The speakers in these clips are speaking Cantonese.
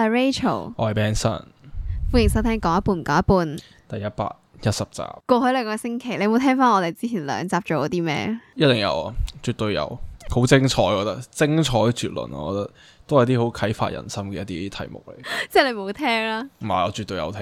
我係 Rachel，我係 Benson，歡迎收聽講一半講一半，第一百一十集。過去兩個星期，你有冇聽翻我哋之前兩集做咗啲咩？一定有啊，絕對有。好精彩，我覺得精彩絕倫，我覺得都係啲好啟發人心嘅一啲題目嚟。 即係你冇聽啦？唔係，我絕對有聽。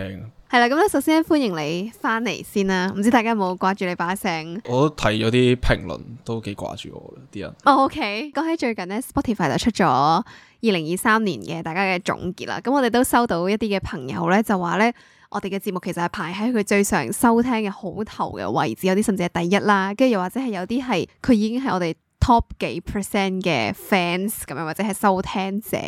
係啦、 嗯，咁咧首先歡迎你翻嚟先啦。唔知大家有冇掛住你把聲？ 我睇咗啲評論，都幾掛住我啦啲人。哦、oh, OK，講起最近咧，Spotify 就出咗二零二三年嘅大家嘅總結啦。咁我哋都收到一啲嘅朋友咧，就話咧，我哋嘅節目其實係排喺佢最常收聽嘅好頭嘅位置，有啲甚至係第一啦。跟住又或者係有啲係，佢已經係我哋。top 幾 percent 嘅 fans 咁樣或者係收聽者，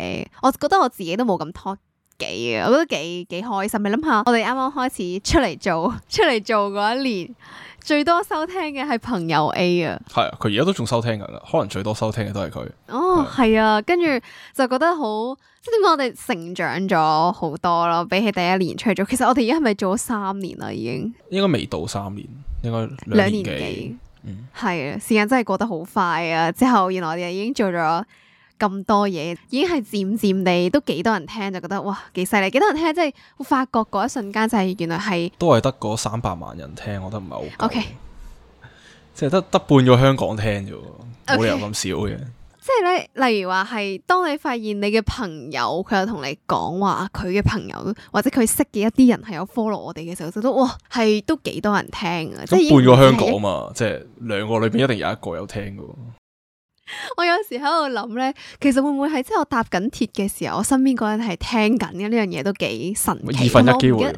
我覺得我自己都冇咁 top 幾啊！我都幾幾開心。你諗下，我哋啱啱開始出嚟做出嚟做嗰一年，最多收聽嘅係朋友 A 啊。係啊，佢而家都仲收聽緊啦，可能最多收聽嘅都係佢。哦，係啊，跟住就覺得好，即係點解我哋成長咗好多咯，比起第一年出嚟做，其實我哋而家係咪做咗三年啦？已經應該未到三年，應該兩年幾。係啊、嗯，時間真係過得好快啊！之後原來我哋已經做咗咁多嘢，已經係漸漸地都幾多人聽，就覺得哇，幾犀利，幾多人聽，即係發覺嗰一瞬間就係原來係都係得嗰三百萬人聽，我覺得唔係好 OK，即係得得半個香港聽啫，冇理由咁少嘅。Okay. 即係咧，例如話係，當你發現你嘅朋友佢又同你講話，佢嘅朋友或者佢識嘅一啲人係有 follow 我哋嘅時候，就覺得哇，係都幾多人聽啊！是即係半個香港嘛，即係兩個裏邊一定有一個有聽嘅。 我有時喺度諗咧，其實會唔會係即係我搭緊鐵嘅時候，我身邊嗰人係聽緊嘅呢樣嘢，都幾神奇。二分一機會。啊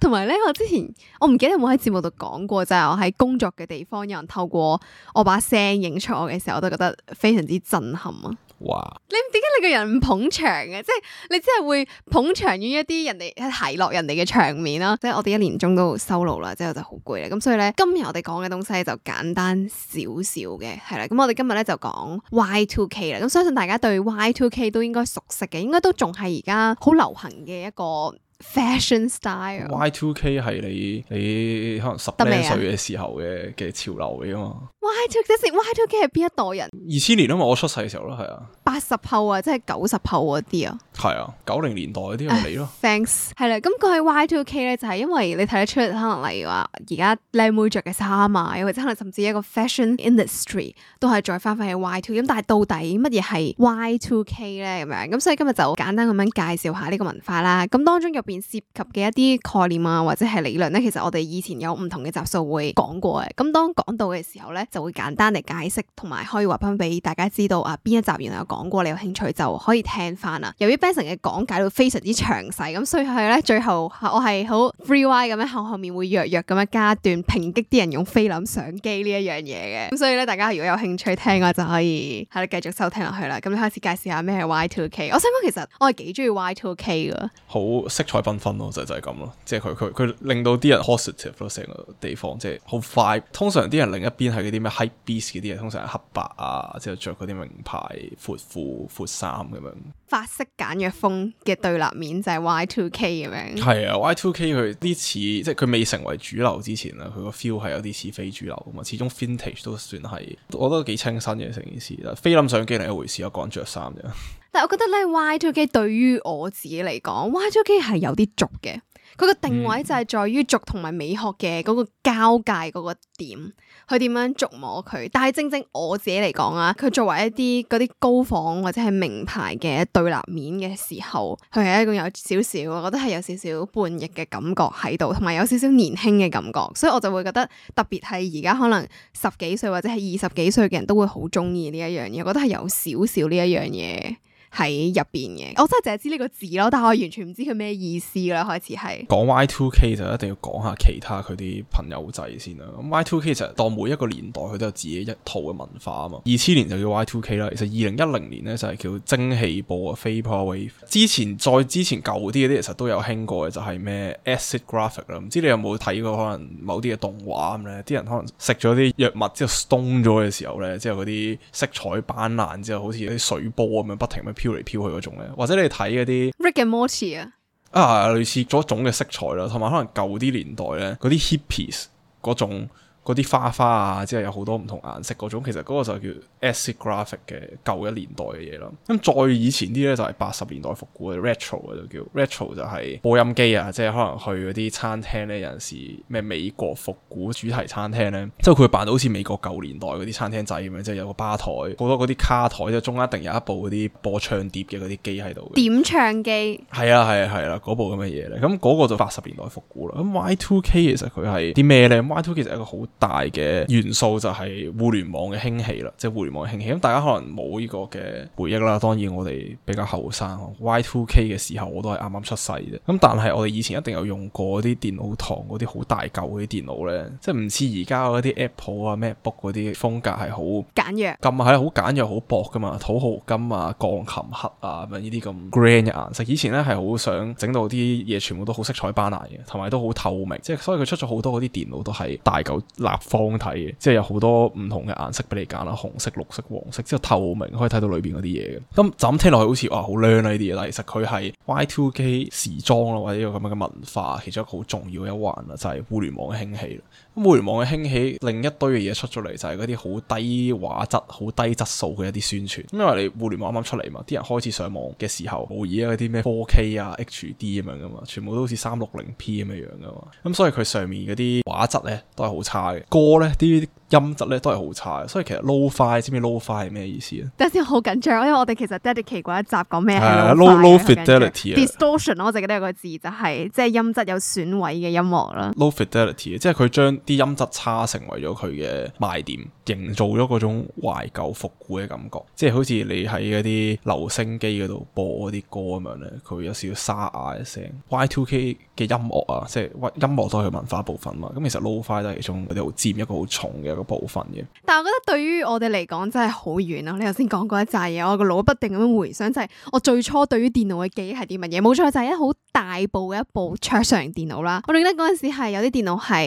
同埋咧，我之前我唔記得有冇喺節目度講過，就係我喺工作嘅地方，有人透過我把聲影出我嘅時候，我都覺得非常之震撼啊！哇！你點解你個人唔捧場嘅？即係你真係會捧場於一啲人哋喺睇落人哋嘅場面啦。即係我哋一年中都收老啦，之後我就好攰啦。咁所以咧，今日我哋講嘅東西就簡單少少嘅，係啦。咁我哋今日咧就講 Y2K 啦。咁相信大家對 Y2K 都應該熟悉嘅，應該都仲係而家好流行嘅一個。Fashion style。Y2K 係你你可能十零歲嘅時候嘅嘅潮流嚟啊嘛。Y2K 係 Y2K 係邊一代人？二千年啊嘛，我出世嘅時候咯，係啊。八十後啊，即係九十後嗰啲啊。係啊，九零年代嗰啲咪你咯吧。Thanks。係啦，咁講起 Y2K 咧，就係因為你睇得出，可能例如話而家靚妹着嘅衫啊，或者可能甚至一個 fashion industry 都係再翻返去 Y2 咁。但係到底乜嘢係 Y2K 咧？咁樣咁，所以今日就簡單咁樣介紹下呢個文化啦。咁當中入。涉及嘅一啲概念啊，或者係理論咧，其實我哋以前有唔同嘅集數會講過嘅。咁當講到嘅時候咧，就會簡單嚟解釋，同埋可以話翻俾大家知道啊，邊一集原來有講過，你有興趣就可以聽翻啦。由於 Benson 嘅講解到非常之詳細，咁所以咧，最後我係好 free why 咁樣後後面會弱弱咁樣加一段抨擊啲人用菲林相機呢一樣嘢嘅。咁所以咧，大家如果有興趣聽嘅話就可以係啦，繼續收聽落去啦。咁你開始介紹下咩係 Y2K。我想講其實我係幾中意 Y2K 噶，好色彩繽紛咯，就就係咁咯，即係佢佢佢令到啲人 positive 咯，成個地方即係好快。通常啲人另一邊係嗰啲咩 hypebeast 嗰啲嘢，通常係黑白啊，之後着嗰啲名牌闊褲闊衫咁樣。法式簡約風嘅對立面就係 Y2K 咁樣。係 啊，Y2K 佢啲似即係佢未成為主流之前啦，佢個 feel 係有啲似非主流噶嘛。始終 vintage 都算係，我覺得幾清新嘅成件事啦。菲林相機另一回事，我講着衫啫。但我覺得咧，Y2K 對於我自己嚟講，Y2K 係有啲俗嘅。佢個定位就係在於俗同埋美學嘅嗰個交界嗰個點，佢點樣觸摸佢？但係正正我自己嚟講啊，佢作為一啲嗰啲高仿或者係名牌嘅對立面嘅時候，佢係一個有少少，我覺得係有少少叛逆嘅感覺喺度，同埋有，有少少年輕嘅感覺。所以我就會覺得特別係而家可能十幾歲或者係二十幾歲嘅人都會好中意呢一樣嘢。我覺得係有少少呢一樣嘢。喺入邊嘅，我真係淨係知呢個字咯，但係我完全唔知佢咩意思啦。開始係講 Y2K 就一定要講下其他佢啲朋友仔先啦。咁 Y2K 其實當每一個年代佢都有自己一套嘅文化啊嘛。二千年就叫 Y2K 啦，其實二零一零年咧就係叫蒸汽波啊，vapor wave。之前再之前舊啲嗰啲其實都有興過嘅，就係咩 acid graphic 啦。唔知你有冇睇過可能某啲嘅動畫咁咧？啲人可能食咗啲藥物之後 stone 咗嘅時候咧，之後嗰啲色彩斑斕之後好似啲水波咁樣不停咁。飄嚟飄去嗰種咧，或者你睇嗰啲，Rick and Morty 啊，啊，類似咗種嘅色彩咯，同埋可能舊啲年代咧，嗰啲 hippies 嗰種。嗰啲花花啊，即係有好多唔同顏色嗰種，其實嗰個就叫 a s c graphic 嘅舊一年代嘅嘢咯。咁再以前啲咧就係八十年代復古嘅 retro 就叫 retro 就係播音機啊，即係可能去嗰啲餐廳咧，有時咩美國復古主題餐廳咧，即係佢會扮到好似美國舊年代嗰啲餐廳仔咁樣，即係有個吧台，好多嗰啲卡台，即中間一定有一部嗰啲播唱碟嘅嗰啲機喺度。點唱機？係啊係啊係啦，嗰、啊啊、部咁嘅嘢咧，咁、那、嗰個就八十年代復古啦。咁 Y2K 其實佢係啲咩咧？Y2K 其實係一個好大嘅元素就係互聯網嘅興起啦，即係互聯網嘅興起。咁大家可能冇呢個嘅回憶啦。當然我哋比較後生，Y2K 嘅時候我都係啱啱出世嘅。咁但係我哋以前一定有用過啲電腦堂嗰啲好大舊嗰啲電腦咧，即係唔似而家嗰啲 Apple 啊 MacBook 嗰啲風格係好簡約，咁係好簡約好薄噶嘛，土豪金啊鋼琴黑啊呢啲咁 grand 嘅顏色。以前咧係好想整到啲嘢全部都好色彩斑斕嘅，同埋都好透明。即係所以佢出咗好多嗰啲電腦都係大舊。立方體嘅，即係有好多唔同嘅顏色俾你揀啦，紅色、綠色、黃色，之後透明可以睇到裏邊嗰啲嘢嘅。咁咁聽落去好似話好靚呢啲嘢，但其實佢係 Y2K 時裝咯，或者一個咁樣嘅文化其中一個好重要嘅一環啦，就係互聯網嘅興起啦，咁互聯網嘅興起，另一堆嘅嘢出咗嚟就係嗰啲好低畫質、好低質素嘅一啲宣傳。因為你互聯網啱啱出嚟嘛，啲人開始上網嘅時候，無疑啊嗰啲咩 4K 啊、HD 咁樣噶嘛，全部都好似三六零 P 咁嘅樣噶嘛。咁所以佢上面嗰啲畫質咧都係好差。歌咧啲。音質咧都係好差，所以其實 low fi，知唔知 low fi 係咩意思啊？等陣先，好緊張，因為我哋其實 dedicate 過一集講咩啊？啊，low fidelity 啊，distortion 咯，我凈記得有個字就係、是、即係音質有損毀嘅音樂啦。low、no、fidelity，即係佢將啲音質差成為咗佢嘅賣點，營造咗嗰種懷舊復古嘅感覺，即係好似你喺嗰啲留聲機嗰度播嗰啲歌咁樣咧，佢有少少沙啞嘅聲。Y2K 嘅音樂啊，即係音樂都係佢文化部分嘛，咁其實 low fi 都係其中，我哋好佔一個好重嘅部分嘅，但係我覺得對於我哋嚟講真係好遠咯。你頭先講過一扎嘢，我個腦不定咁回想就係、是、我最初對於電腦嘅記憶係啲乜嘢？冇錯，就係、是、一好大部嘅一部桌上型電腦啦。我記得嗰陣時係有啲電腦係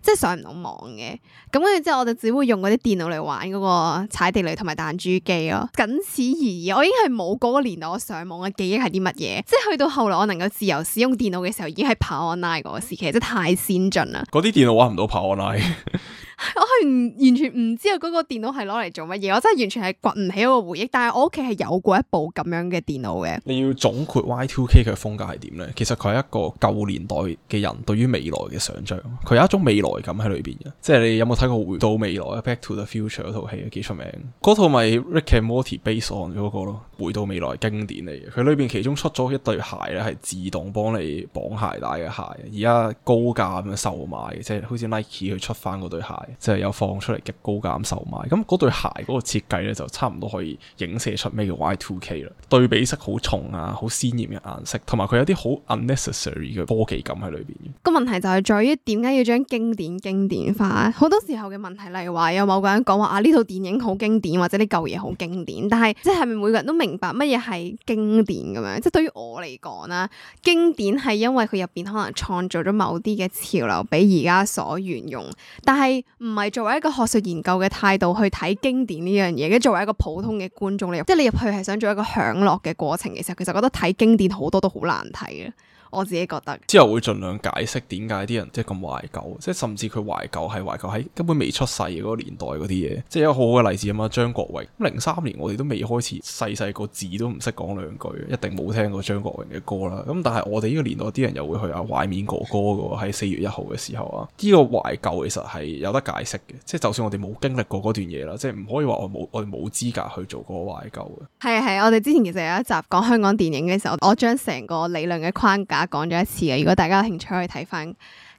即係上唔到網嘅，咁跟住之後我就只會用嗰啲電腦嚟玩嗰、那個踩地雷同埋彈珠機咯、啊，僅此而已。我已經係冇嗰個年代我上網嘅記憶係啲乜嘢，即係去到後來我能夠自由使用電腦嘅時候，已經係跑 online 嗰個時期，真係太先進啦！嗰啲電腦玩唔到跑 online。 我係完全唔知啊！嗰個電腦係攞嚟做乜嘢？我真係完全係掘唔起一個回憶。但係我屋企係有過一部咁樣嘅電腦嘅。你要總括 Y2K 嘅風格係點呢？其實佢係一個舊年代嘅人對於未來嘅想象，佢有一種未來感喺裏邊嘅。即係你有冇睇過回到未來《Back to the Future》嗰套戲？幾出名？嗰套咪 Rick and Morty based on 嗰個咯，回到未來經典嚟嘅。佢裏邊其中出咗一對鞋咧，係自動幫你綁鞋帶嘅鞋，而家高價咁樣售賣，即係好似 Nike 去出翻嗰對鞋。就係有放出嚟極高價收買，咁嗰對鞋嗰個設計咧就差唔多可以影射出咩叫 Y2K 啦。對比色好重啊，好鮮豔嘅顏色，同埋佢有啲好 unnecessary 嘅科技感喺裏邊。個問題就係在於點解要將經典經典化？好多時候嘅問題，例如話有某個人講話啊呢套電影好經典，或者啲舊嘢好經典，但係即係咪每個人都明白乜嘢係經典咁樣？即係對於我嚟講啦，經典係因為佢入邊可能創造咗某啲嘅潮流俾而家所沿用，但係，唔係作為一個學術研究嘅態度去睇經典呢樣嘢，咁作為一個普通嘅觀眾嚟，即係你入去係想做一個享樂嘅過程嘅時候，其實其實覺得睇經典好多都好難睇啊～我自己覺得之後會盡量解釋點解啲人即係咁懷舊，即係甚至佢懷舊係懷舊喺根本未出世嗰個年代嗰啲嘢，即係一個好好嘅例子啊嘛！張國榮，咁零三年我哋都未開始，細細個字都唔識講兩句，一定冇聽過張國榮嘅歌啦。咁但係我哋呢個年代啲人又會去啊懷緬哥哥嘅喺四月一號嘅時候啊，呢個懷舊其實係有得解釋嘅，即係就算我哋冇經歷過嗰段嘢啦，即係唔可以話我冇我哋冇資格去做嗰個懷舊嘅。係啊係啊，我哋之前其實有一集講香港電影嘅時候，我將成個理論嘅框架。講咗一次嘅，如果大家有興趣可以睇翻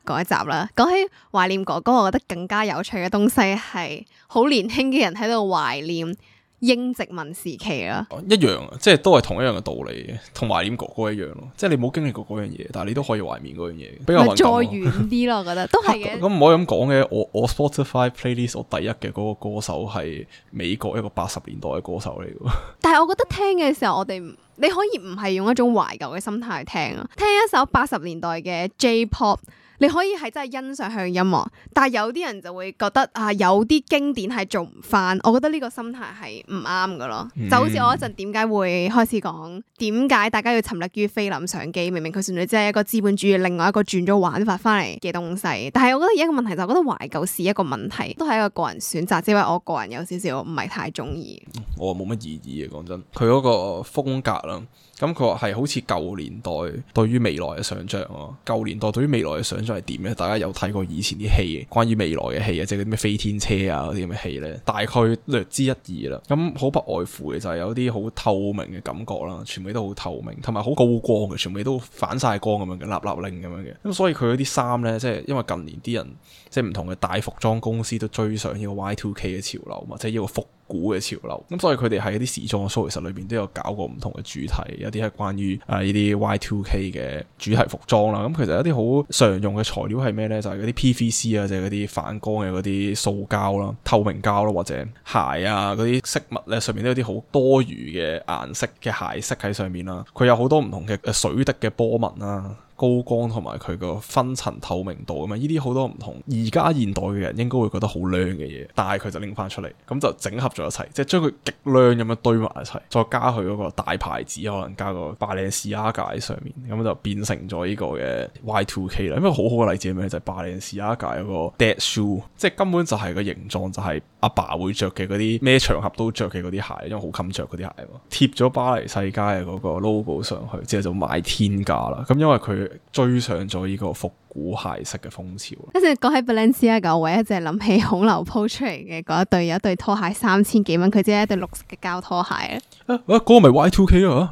嗰一集啦。講起懷念哥哥，我覺得更加有趣嘅東西係好年輕嘅人喺度懷念英殖民時期啊，一樣啊，即係都係同一樣嘅道理嘅，同懷念哥哥一樣咯。即係你冇經歷過嗰樣嘢，但係你都可以懷念嗰樣嘢，比較再遠啲咯、 啊。我覺得都係嘅。咁唔可以咁講嘅，我我 Spotify playlist 我第一嘅嗰個歌手係美國一個八十年代嘅歌手嚟嘅。但係我覺得聽嘅時候，我哋你可以唔係用一種懷舊嘅心態去聽啊，聽一首八十年代嘅 J-pop。Pop，你可以係真係欣賞向音樂，但係有啲人就會覺得啊，有啲經典係做唔翻。我覺得呢個心態係唔啱㗎咯。嗯、就好似我一陣點解會開始講點解大家要沉溺於菲林相機，明明佢純粹只係一個資本主義另外一個轉咗玩法翻嚟嘅東西。但係我覺得而家個問題就係、我、覺得懷舊是一個問題，都係一個個人選擇，只係我個人有少少唔係太中意、嗯。我話冇乜意義嘅，講真，佢嗰個風格啦，咁佢話係好似舊年代對於未來嘅想像囉，舊年代對於未來嘅想像。係點咧？大家有睇過以前啲戲，關於未來嘅戲啊，即係啲咩飛天車啊嗰啲咁嘅戲呢，大概略知一二啦。咁好不外乎嘅就係有啲好透明嘅感覺啦，全部都好透明，同埋好高光嘅，全部都反晒光咁樣嘅，立立令咁樣嘅。咁所以佢嗰啲衫呢，即係因為近年啲人即係唔同嘅大服裝公司都追上呢個 Y two K 嘅潮流嘛，即係呢個服。古嘅潮流，咁所以佢哋喺啲時裝 show 其實裏邊都有搞過唔同嘅主題，有啲係關於誒呢、啊、啲 Y2K 嘅主題服裝啦。咁其實一啲好常用嘅材料係咩呢？就係嗰啲 PVC 啊，即係嗰啲反光嘅嗰啲塑膠啦、透明膠啦，或者鞋啊嗰啲飾物咧，上面都有啲好多餘嘅顏色嘅鞋色喺上面啦。佢有好多唔同嘅水滴嘅波紋啦。高光同埋佢個分層透明度咁啊，呢啲好多唔同。而家現代嘅人應該會覺得好靚嘅嘢，但係佢就拎翻出嚟，咁就整合咗一齊，即係將佢極靚咁樣堆埋一齊，再加佢嗰個大牌子，可能加個巴黎世家喺上面，咁就變成咗呢個嘅 Y2K 啦。因為好好嘅例子係咩？就係巴黎世家嗰個 dead shoe，即係根本就係個形狀就係阿爸會着嘅嗰啲咩場合都着嘅嗰啲鞋，因為好襟着嗰啲鞋啊嘛，貼咗巴黎世家嘅嗰個 logo 上去之後就賣天價啦。咁因為佢。追上咗呢個復古鞋式嘅風潮，啊。一直講起 Balenciaga，我一直諗起孔劉鋪出嚟嘅嗰一對有一對拖鞋三千幾蚊，佢只係一對綠色嘅膠拖鞋啊！嗰、嗰個咪 Y2K 啊？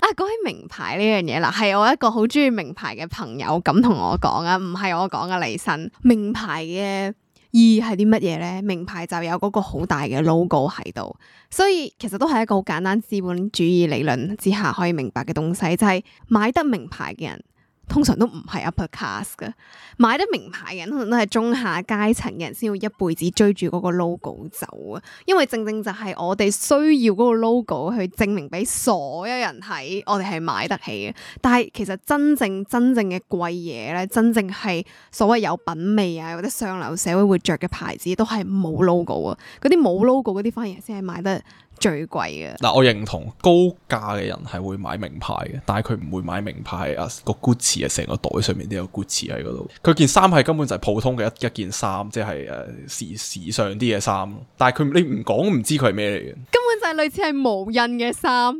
啊，講起名牌呢樣嘢啦，係我一個好中意名牌嘅朋友咁同我講啊，唔係我講嘅，李晨。名牌嘅意義係啲乜嘢呢？名牌就有嗰個好大嘅 logo 喺度，所以其實都係一個好簡單資本主義理論之下可以明白嘅東西，就係、係、買得名牌嘅人。通常都唔係 upper class 㗎，買得名牌嘅人通常都係中下階層嘅人先要一輩子追住嗰個 logo 走啊，因為正正就係我哋需要嗰個 logo 去證明俾所有人睇，我哋係買得起嘅。但係其實真正真正嘅貴嘢咧，真正係所謂有品味啊，或者上流社會會着嘅牌子，都係冇 logo 啊。嗰啲冇 logo 嗰啲反而先係買得。最貴嘅，嗱，我認同高價嘅人係會買名牌嘅，但係佢唔會買名牌啊，個 Gucci 啊，成個個袋上面都有 Gucci 喺嗰度。佢件衫係根本就係普通嘅一一件衫，即係誒、啊、時時尚啲嘅衫。但係佢你唔講唔知佢係咩嚟嘅，根本就係類似係無印嘅衫，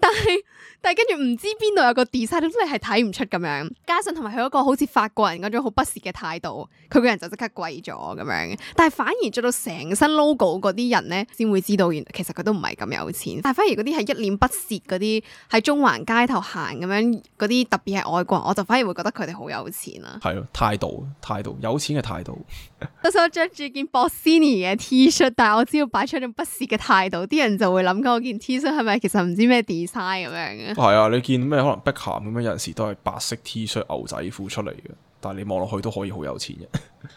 但係。但係跟住唔知邊度有個 design，真係睇唔出咁樣。加上同埋佢嗰個好似法國人嗰種好不屑嘅態度，佢個人就即刻跪咗咁樣。但係反而做到成身 logo 嗰啲人咧，先會知道原來其實佢都唔係咁有錢。但係反而嗰啲係一臉不屑嗰啲，喺中環街頭行咁樣嗰啲，特別係外國人，我就反而會覺得佢哋好有錢啦。係咯，態度，態度，有錢嘅態度。 就想着住件 Bossini 嘅 T 恤，但係我只要擺出一種不屑嘅態度，啲人就會諗緊我件 T 恤係咪其實唔知咩 design 咁樣嘅。係啊、哦，你見咩可能碧咸咁樣，有陣時都係白色 T 恤牛仔褲出嚟嘅。但你望落去都可以好有錢嘅，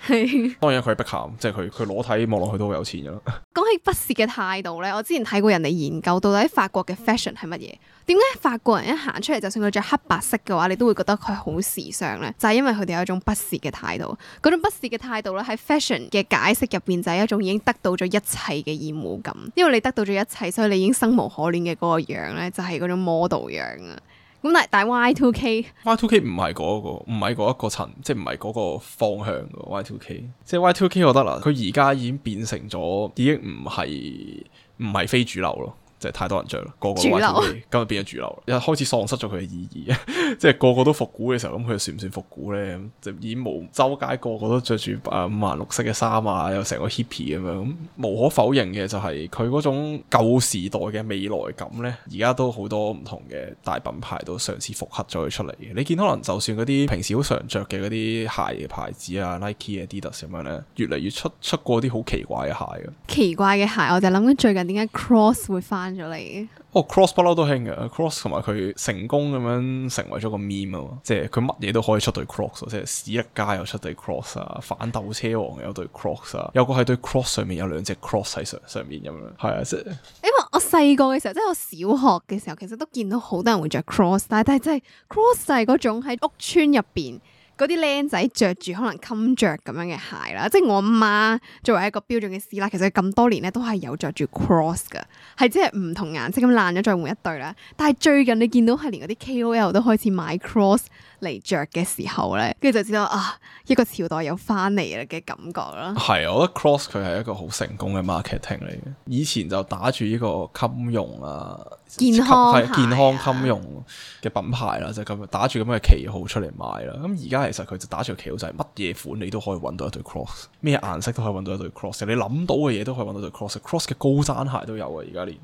係當然佢係不韓，即係佢佢裸體望落去都好有錢噶啦。講起不屑嘅態度呢，我之前睇過人哋研究到底法國嘅 fashion 係乜嘢？點解法國人一行出嚟，就算佢着黑白色嘅話，你都會覺得佢好時尚呢？就係、是、因為佢哋有一種不屑嘅態度，嗰種不屑嘅態度咧，喺 fashion 嘅解釋入邊就係一種已經得到咗一切嘅厭惡感。因為你得到咗一切，所以你已經生無可戀嘅嗰個樣呢，就係嗰種 model 樣啊。咁但係 Y Two K，Y Two K 唔係嗰個，唔係嗰一個層，即係唔係嗰個方向嘅 Y Two K，即係、就是、Y Two K 我覺得啦，佢而家已經變成咗，已經唔係唔係非主流咯。即太多人着啦，個個都 Y2K 今日變咗主流，一開始喪失咗佢嘅意義，即 係個個都復古嘅時候，咁佢算唔算復古咧？就係已無周街個個都着住啊五顏六色嘅衫啊，有成個 hippie 咁樣，咁、嗯、無可否認嘅就係佢嗰種舊時代嘅未來感咧。而家都好多唔同嘅大品牌都嘗試復刻咗佢出嚟。你見可能就算嗰啲平時好常着嘅嗰啲鞋牌子啊，Nike 越越啊、Adidas 咁樣咧，越嚟越出出過啲好奇怪嘅鞋奇怪嘅鞋，我就諗緊最近點解 Cross 會翻？咗嚟，哦、oh,，cross 不嬲都興㗎，cross 同埋佢成功咁樣成為咗個 meme 啊，即係佢乜嘢都可以出對 cross，即係市一街又出對 cross 啊，反斗車王又對 cross 有對 cross 啊，有個係對 cross 上面有兩隻 cross 喺上上面咁樣，係啊，即係因為我細個嘅時候，即係我小學嘅時候，其實都見到好多人會着 cross，但係但係真係 cross 係嗰種喺屋村入邊。嗰啲靚仔著住可能襟著咁樣嘅鞋啦，即係我阿媽作為一個標準嘅師奶，其實佢咁多年咧都係有著住 cross 嘅，係即係唔同顏色咁爛咗再換一對啦。但係最近你見到係連嗰啲 KOL 都開始買 cross。嚟着嘅時候咧，跟住就知道啊，一個朝代有翻嚟啦嘅感覺啦。係啊，我覺得 Cross 佢係一個好成功嘅 marketing 嚟嘅。以前就打住呢個襟用啊，健啊，健康係健康襟用嘅品牌啦，就咁、樣、打住咁嘅旗號出嚟賣啦。咁而家其實佢就打住旗號就係乜嘢款你都可以揾到一對 Cross，咩顏色都可以揾到一對 Cross。你諗到嘅嘢都可以揾到一對 Cross。Cross 嘅高踭鞋都有啊，而家連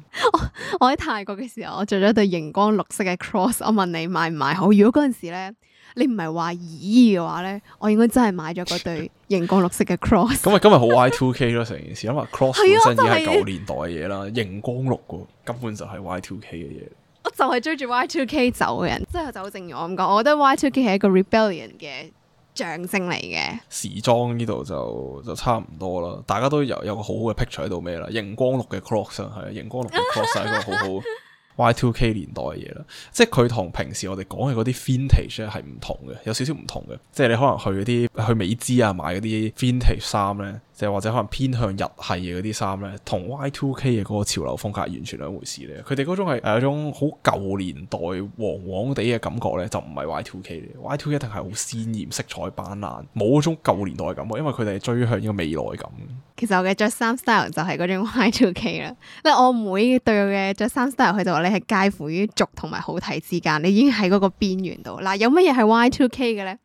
我喺 泰國嘅時候，我着咗一對熒光綠色嘅 Cross。我問你買唔買？好，如果嗰陣時咧。你唔係話咦嘅話咧，我應該真係買咗嗰對熒光綠色嘅 cross。咁 啊，今日好 Y two K 咯，成件事，因為 cross 本身已經係舊年代嘅嘢啦，熒、啊就是、光綠嘅根本就係 Y two K 嘅嘢。我就係追住 Y two K 走嘅人，即係 就好正如我咁講，我覺得 Y two K 係一個 rebellion 嘅象徵嚟嘅。時裝呢度就就差唔多啦，大家都有有個好好嘅 picture 喺度咩啦，熒光綠嘅 cross 係，熒光綠嘅 cross 係真係好好。 Y2K 年代嘅嘢啦，即係佢同平時我哋講嘅嗰啲 vintage 咧，係唔同嘅，有少少唔同嘅，即係你可能去嗰啲去美資啊買嗰啲 vintage 衫咧。或者可能偏向日系嘅啲衫咧，同 Y Two K 嘅嗰個潮流風格完全兩回事咧。佢哋嗰種係誒嗰種好舊年代黃黃哋嘅感覺咧，就唔係 Y Two K 嘅。Y Two K 一定係好鮮艷色彩斑斕，冇嗰種舊年代感，因為佢哋係追向呢個未來感。其實我嘅着衫 style 就係嗰種 Y Two K 啦。我唔會對我嘅着衫 style，佢就話你係介乎於俗同埋好睇之間，你已經喺嗰個邊緣度。嗱，啊，有乜嘢係 Y Two K 嘅咧？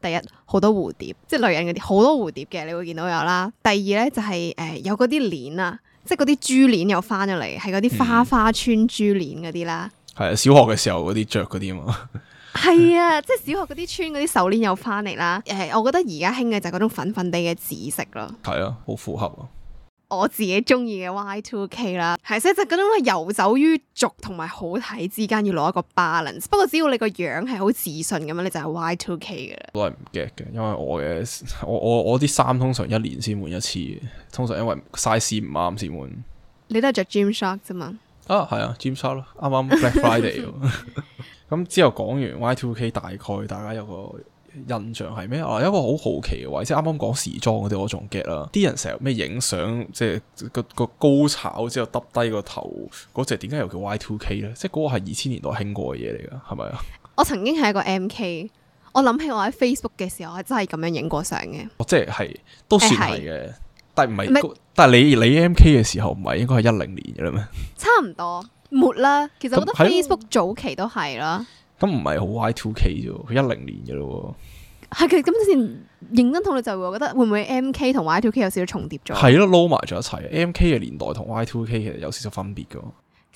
第一，好多蝴蝶，即係女人嗰啲好多蝴蝶嘅，你會見到有啦。第二咧就係、是、誒、呃、有嗰啲鏈啊，即係嗰啲珠鏈又翻咗嚟，係嗰啲花花穿珠鏈嗰啲啦。係、嗯、 啊，小學嘅時候嗰啲着嗰啲啊嘛。係 啊，即係小學嗰啲穿嗰啲手鏈又翻嚟啦。誒， 我覺得而家興嘅就係嗰種粉粉地嘅紫色咯。係啊，好符合啊。我自己中意嘅 Y two K 啦，係即係就嗰種遊走於俗同埋好睇之間，要攞一個 balance。不過只要你個樣係好自信咁樣，你就係 Y two K 嘅啦。都係唔 get 嘅，因為我嘅我我我啲衫通常一年先換一次嘅，通常因為 size 唔啱先換。你都係着 Gymshark 啫嘛？啊係啊，Gymshark 咯，啱啱 Black Friday。咁 之後講完 Y two K，大概大家有個。印象係咩？啊，有一個好好奇嘅位，即啱啱講時裝嗰啲，我仲 get 啦。啲人成日咩影相，即係個個高炒之後耷低個頭，嗰隻點解又叫 Y2K 咧？即係嗰個係二千年代興過嘅嘢嚟噶，係咪啊？我曾經係一個 MK，我諗起我喺 Facebook 嘅時候，我真係咁樣影過相嘅、哦。即係都算係嘅，是是但係唔係，是但係你你 MK 嘅時候唔係應該係一零年嘅咩？差唔多，沒啦。其實我覺得 Facebook 早期都係啦。咁唔係好 Y2K 啫，佢一零年嘅咯喎。係佢，咁之前認真同你，就會覺得會唔會 MK 同 Y2K 有少少重疊咗？係咯，撈埋咗一齊。MK 嘅年代同 Y2K 其實有少少分別㗎。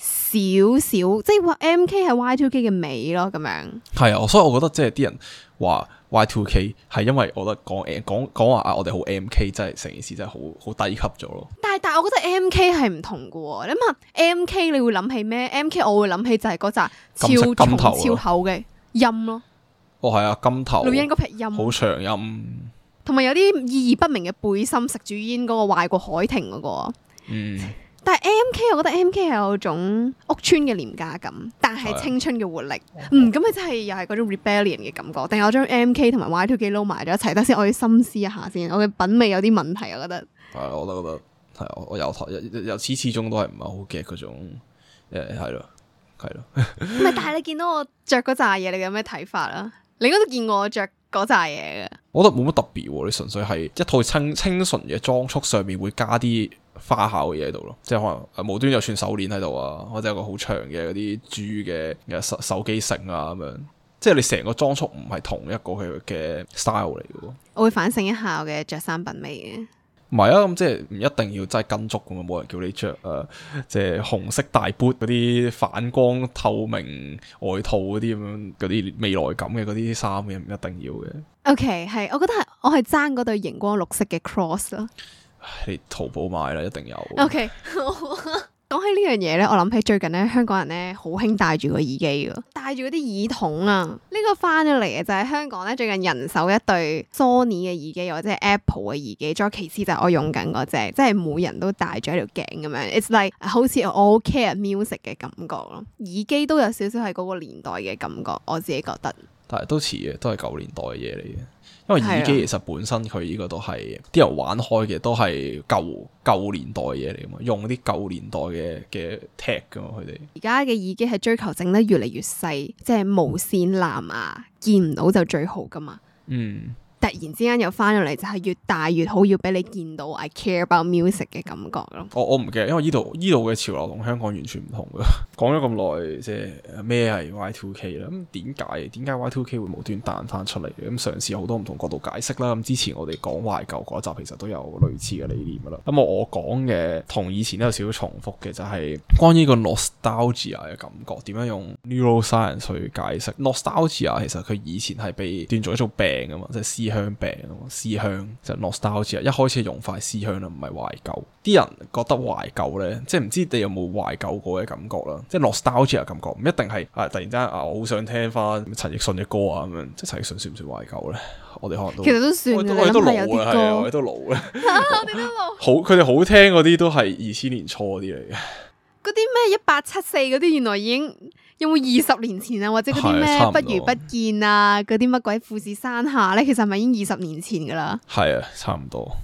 少少，即係話 MK 係 Y2K 嘅尾咯，咁樣。係啊，所以我覺得即係啲人話 Y2K 係，因為我覺得講講講話啊，講講我哋好 MK，真係成件事真係好好低級咗咯。但係但係，我覺得 MK 係唔同嘅。你諗下 MK，你會諗起咩？MK 我會諗起就係嗰扎超重，重超厚嘅音咯。金金哦，係啊，金頭女人嗰劈音，好長音。同埋有啲意義不明嘅背心，食住煙嗰個壞過海婷嗰個。嗯。但係 M K，我覺得 M K 係有種屋村嘅廉價感，但係青春嘅活力。 嗯，咁佢真係又係嗰種 rebellion 嘅感覺。定係我將 M K 同埋 Y2K 撈埋咗一齊？等先，我要深思一下先。我嘅品味有啲問題，我覺得。係，我都覺得係。我由又始始終都係唔係好激嗰種。誒、yeah，係咯，係咯。唔係，但係你見到我着嗰扎嘢，你有咩睇法啊？你應該都見過我着嗰扎嘢嘅。我覺得冇乜特別、啊，你純粹係一套清清純嘅裝束，上面會加啲花巧嘅嘢喺度咯，即係可能無端有串手鏈喺度啊，或者有個好長嘅嗰啲珠嘅手手機繩啊咁樣，即係你成個裝束唔係同一個嘅 style 嚟嘅。我會反省一下我嘅着衫品味嘅。唔係啊，咁、嗯、即係唔一定要真係跟足咁啊，冇人叫你着啊、呃，即係紅色大 boot 嗰啲反光透明外套嗰啲咁樣嗰啲未來感嘅嗰啲衫嘅，唔一定要嘅。OK，係，我覺得係我係爭嗰對熒光綠色嘅 Crocs 咯。喺淘寶買啦，一定有。OK，講起呢樣嘢咧，我諗起最近咧香港人咧好興戴住個耳機噶，戴住嗰啲耳筒啊。呢、這個翻咗嚟嘅就係香港咧最近人手一對 Sony 嘅耳機，或者 Apple 嘅耳機。再其次就係我用緊嗰隻，即係每人都戴住一條頸咁樣。It's like 好似我 care music 嘅感覺咯。耳機都有少少係嗰個年代嘅感覺，我自己覺得。但係都似嘅，都係舊年代嘅嘢嚟嘅。因為耳機其實本身佢呢個都係啲人玩開嘅，都係舊舊年代嘢嚟噶嘛，用啲舊年代嘅嘅 tech 噶嘛，佢哋而家嘅耳機係追求整得越嚟越細，即係無線藍牙見唔到就最好噶嘛。嗯。突然之間又翻咗嚟，就係越大越好，要俾你見到 I care about music 嘅感覺咯。我我唔記得，因為呢度呢度嘅潮流同香港完全唔同咯。講咗咁耐，即係咩係 Y2K 啦？咁點解點解 Y2K 會無端彈翻出嚟？咁、嗯、嘗試好多唔同角度解釋啦。咁、嗯、之前我哋講懷舊嗰一集，其實都有類似嘅理念㗎啦。咁、嗯、我我講嘅同以前都有少少重複嘅，就係、是、關於個 nostalgia 嘅感覺，點樣用 neuroscience 去解釋 nostalgia？其實佢以前係被斷咗一種病㗎嘛，即係鄉病咯，思鄉就係 nostalgia，一開始融化係思鄉啦，唔係懷舊。啲人覺得懷舊咧，即係唔知你有冇懷舊過嘅感覺啦。即係 nostalgia 感覺，唔一定係啊，突然間啊，我好想聽翻陳奕迅嘅歌啊咁樣。即係陳奕迅算唔算懷舊咧？我哋可能都其實都算，我都係都老嘅，係啊，我都老嘅。我哋都老。好，佢哋好聽嗰啲都係二千年初嗰啲嚟嘅。嗰啲咩一八七四嗰啲，原來已經。有冇二十年前啊，或者嗰啲咩不如不見啊，嗰啲乜鬼富士山下咧？其實係咪已經二十年前噶啦？係啊，差唔多。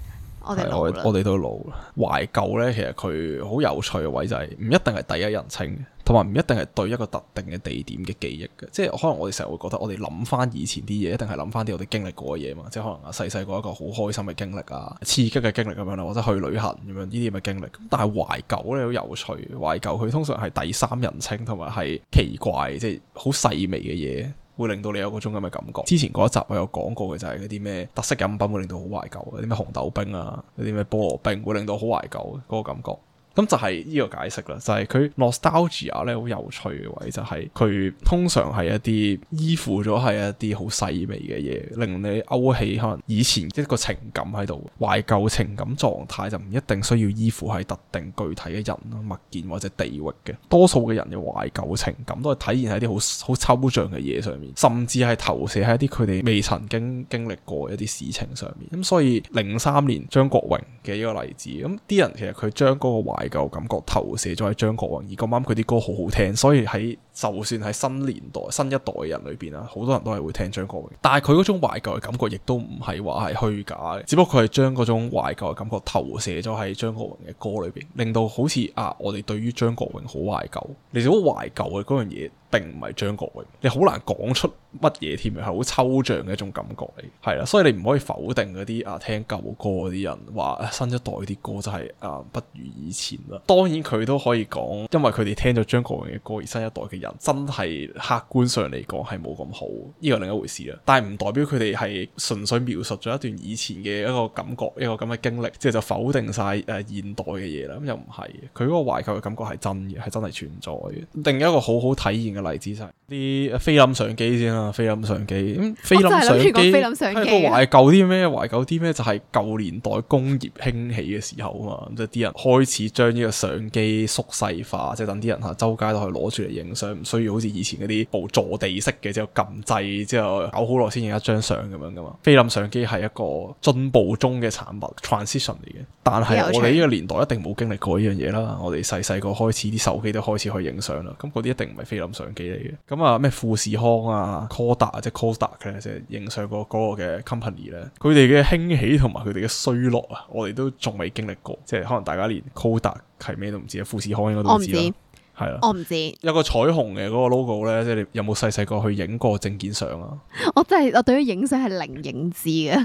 我哋都老啦，懷舊呢，其實佢好有趣嘅位就係唔一定係第一人稱，同埋唔一定係對一個特定嘅地點嘅記憶嘅，即係可能我哋成日會覺得我哋諗翻以前啲嘢，一定係諗翻啲我哋經歷過嘅嘢嘛，即係可能啊細細個一個好開心嘅經歷啊，刺激嘅經歷咁樣啦，或者去旅行咁樣呢啲咁嘅經歷。但係懷舊呢，好有趣，懷舊佢通常係第三人稱同埋係奇怪，即係好細微嘅嘢。會令到你有嗰種噉嘅感覺。之前嗰一集我有講過嘅就係嗰啲咩特色飲品會令到好懷舊，嗰啲咩紅豆冰啊，嗰啲咩菠蘿冰會令到好懷舊嗰、那個感覺。咁就係呢個解釋啦，就係佢 nostalgia 咧，好有趣嘅位就係佢通常係一啲依附咗係一啲好細微嘅嘢，令你勾起可能以前一個情感喺度懷舊。情感狀態就唔一定需要依附喺特定具體嘅人、物件或者地域嘅，多數嘅人嘅懷舊情感都係體現喺啲好好抽象嘅嘢上面，甚至係投射喺一啲佢哋未曾經經歷過一啲事情上面。咁所以零三年張國榮嘅一個例子，咁啲人其實佢將嗰個懷就感覺投射咗喺張國榮，而咁晚佢啲歌好好聽，所以喺。就算喺新年代、新一代人裏邊啊，好多人都係會聽張國榮，但係佢嗰種懷舊嘅感覺亦都唔係話係虛假嘅，只不過佢係將嗰種懷舊嘅感覺投射咗喺張國榮嘅歌裏邊，令到好似啊，我哋對於張國榮好懷舊，你如果懷舊嘅嗰樣嘢並唔係張國榮，你好難講出乜嘢添，係好抽象嘅一種感覺嚟，係啦，所以你唔可以否定嗰啲啊聽舊歌嗰啲人話新一代啲歌真係啊不如以前啦。當然佢都可以講，因為佢哋聽咗張國榮嘅歌而新一代嘅人。真係客觀上嚟講係冇咁好，呢個另一回事啦。但係唔代表佢哋係純粹描述咗一段以前嘅一個感覺，一個咁嘅經歷，即係就否定晒誒、呃、現代嘅嘢啦。咁又唔係，佢嗰個懷舊嘅感覺係真嘅，係真係存在嘅。另一個好好體驗嘅例子就係啲菲林相機先啦，啊，菲林相機，菲、嗯、林相機，佢個懷舊啲咩，懷舊啲咩就係舊年代工業興起嘅時候啊嘛，即係啲人開始將呢個相機縮細化，即係等啲人喺周街都去攞住嚟影相。唔需要好似以前嗰啲部坐地式嘅，之後撳掣，之後搞好耐先影一張相咁樣噶嘛？菲林相機係一個進步中嘅產物，transition 嚟嘅。但係我哋呢個年代一定冇經歷過呢樣嘢啦。我哋細細個開始啲手機都開始去影相啦。咁嗰啲一定唔係菲林相機嚟嘅。咁啊咩富士康啊，Kodak 即係 Kodak 嘅即影相個嗰個嘅 company 咧，佢哋嘅興起同埋佢哋嘅衰落啊，我哋都仲未經歷過。即係可能大家連 Kodak 係咩都唔知啊，富士康應該都知啦。係啦，我唔知有個彩虹嘅嗰個 logo 咧，即係你有冇細細個去影過證件相啊？我真係我對於影相係零認知嘅，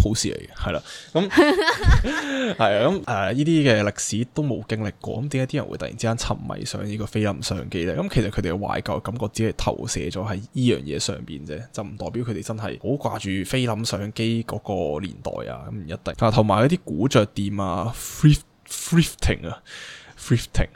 好事嚟嘅，係啦，咁係啊，咁誒呢啲嘅歷史都冇經歷過，咁點解啲人會突然之間沉迷上呢個菲林相機咧？咁其實佢哋嘅懷舊感覺只係投射咗喺呢樣嘢上邊啫，就唔代表佢哋真係好掛住菲林相機嗰個年代啊，咁唔一定。同埋一啲古着店啊 thrifting 啊 thrifting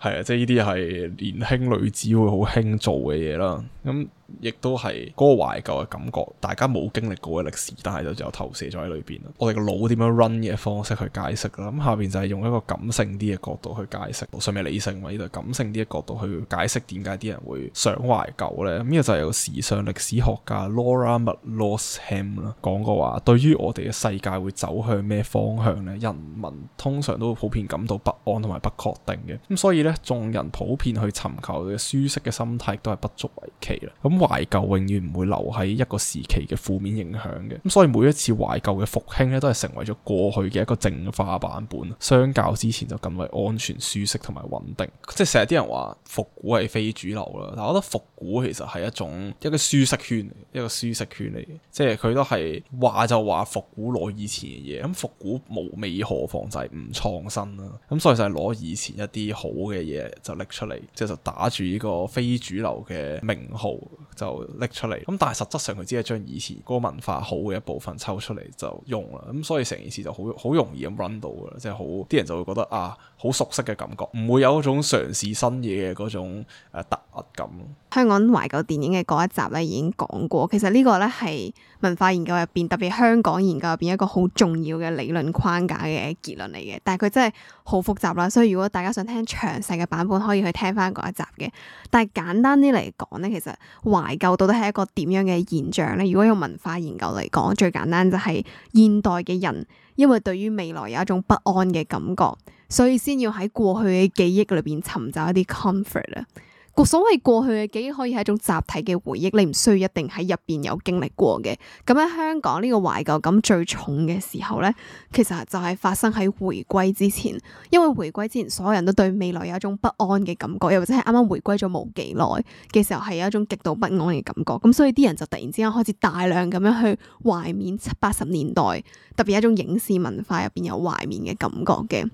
係啊，即係呢啲係年輕女子會好興做嘅嘢啦，咁、嗯。亦都係嗰個懷舊嘅感覺，大家冇經歷過嘅歷史，但係就就投射咗喺裏邊啦。我哋個腦點樣 run 嘅方式去解釋啦？咁下邊就係用一個感性啲嘅角度去解釋，上面理性嘛？呢度感性啲嘅角度去解釋點解啲人會想懷舊呢？咁呢個、嗯、就係有時尚歷史學家 Laura McLaws Ham 啦講過話，對於我哋嘅世界會走向咩方向呢？人民通常都會普遍感到不安同埋不確定嘅，咁、嗯、所以呢，眾人普遍去尋求嘅舒適嘅心態都係不足為奇啦。咁、嗯懷舊永遠唔會留喺一個時期嘅負面影響嘅，咁所以每一次懷舊嘅復興咧，都係成為咗過去嘅一個淨化版本，相較之前就更為安全、舒適同埋穩定。即係成日啲人話復古係非主流啦，但我覺得復古其實係一種一個舒適圈嚟嘅，一個舒適圈嚟嘅。即係佢都係話就話復古攞以前嘅嘢，咁復古無味何妨就係唔創新啦。咁所以就係攞以前一啲好嘅嘢就拎出嚟，即係就打住呢個非主流嘅名號。就拎出嚟，咁但係實質上佢只係將以前嗰個文化好嘅一部分抽出嚟就用啦，咁所以成件事就好好容易咁 run 到嘅，即係好，啲人就會覺得啊，好熟悉嘅感覺，唔會有一種嘗試新嘢嘅嗰種誒突兀感。香港懷舊電影嘅嗰一集咧已經講過，其實呢個咧係文化研究入邊特別香港研究入邊一個好重要嘅理論框架嘅結論嚟嘅，但係佢真係好複雜啦，所以如果大家想聽詳細嘅版本，可以去聽翻嗰一集嘅，但係簡單啲嚟講咧，其實懷舊到底係一個點樣嘅現象呢？如果用文化研究嚟講，最簡單就係現代嘅人，因為對於未來有一種不安嘅感覺，所以先要喺過去嘅記憶裏邊尋找一啲 comfort 啦。所所謂過去嘅記憶可以係一種集體嘅回憶，你唔需要一定喺入邊有經歷過嘅。咁喺香港呢個懷舊感最重嘅時候咧，其實就係發生喺回歸之前，因為回歸之前所有人都對未來有一種不安嘅感覺，又或者係啱啱回歸咗冇幾耐嘅時候係有一種極度不安嘅感覺。咁所以啲人就突然之間開始大量咁樣去懷緬七八十年代，特別一種影視文化入邊有懷緬嘅感覺嘅。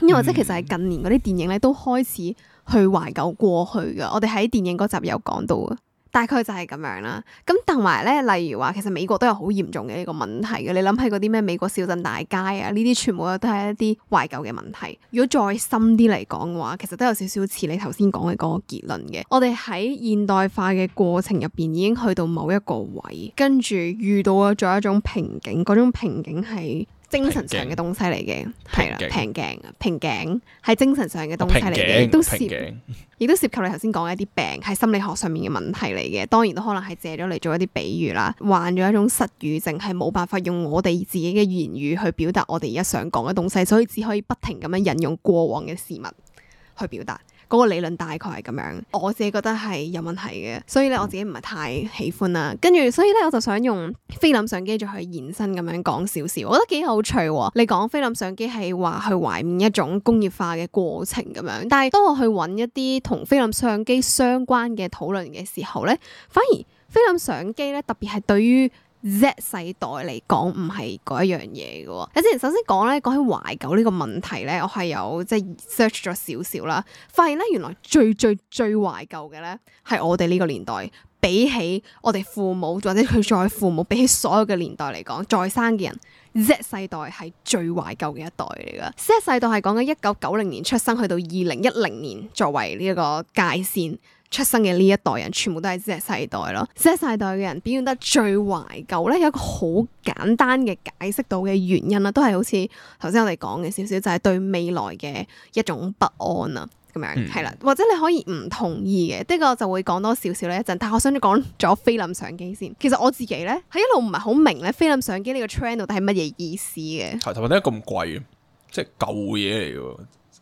因為即其實係近年嗰啲電影咧都開始去懷舊過去噶，我哋喺電影嗰集有講到啊。大概就係咁樣啦。咁同埋咧，例如話其實美國都有好嚴重嘅一個問題嘅。你諗起嗰啲咩美國小鎮大街啊？呢啲全部都係一啲懷舊嘅問題。如果再深啲嚟講嘅話，其實都有少少似你頭先講嘅嗰個結論嘅。我哋喺現代化嘅過程入邊已經去到某一個位，跟住遇到咗一種瓶頸，嗰種瓶頸係，精神上嘅東西嚟嘅，係啦頸，瓶頸、瓶頸係精神上嘅東西嚟嘅，頸都涉，亦都頸涉及你頭先講嘅一啲病，係心理學上面嘅問題嚟嘅。當然都可能係借咗嚟做一啲比喻啦。患咗一種失語症，係冇辦法用我哋自己嘅言語去表達我哋而家想講嘅東西，所以只可以不停咁樣引用過往嘅事物去表達。嗰個理論大概係咁樣，我自己覺得係有問題嘅，所以咧我自己唔係太喜歡啦。跟住所以咧，我就想用菲林相機再去延伸咁樣講少少，我覺得幾有趣。你講菲林相機係話去懷念一種工業化嘅過程咁樣，但係當我去揾一啲同菲林相機相關嘅討論嘅時候咧，反而菲林相機咧特別係對於 Z 世代嚟講唔係嗰一樣嘢嘅喎。有啲人首先講咧，講起懷舊呢個問題咧，我係有即係 search 咗少少啦，發現咧原來最最最懷舊嘅咧係我哋呢個年代，比起我哋父母或者佢再父母比起所有嘅年代嚟講，在生嘅人 Z 世代係最懷舊嘅一代嚟噶。Z 世代係講緊一九九零年出生去到二零一零年作為呢一個界線，出生嘅呢一代人，全部都係 Z 世代咯。Z 世代嘅人表現得最懷舊咧，有一個好簡單嘅解釋到嘅原因啦，都係好似頭先我哋講嘅少少，就係、是、對未來嘅一種不安啊，咁樣係啦、嗯。或者你可以唔同意嘅，呢、這個就會講多少少咧一陣。但我想講咗菲林相機先。其實我自己咧，喺一路唔係好明咧，菲林相機呢個 trend 到底係乜嘢意思嘅？係頭先點解咁貴嘅？即係舊嘢嚟嘅，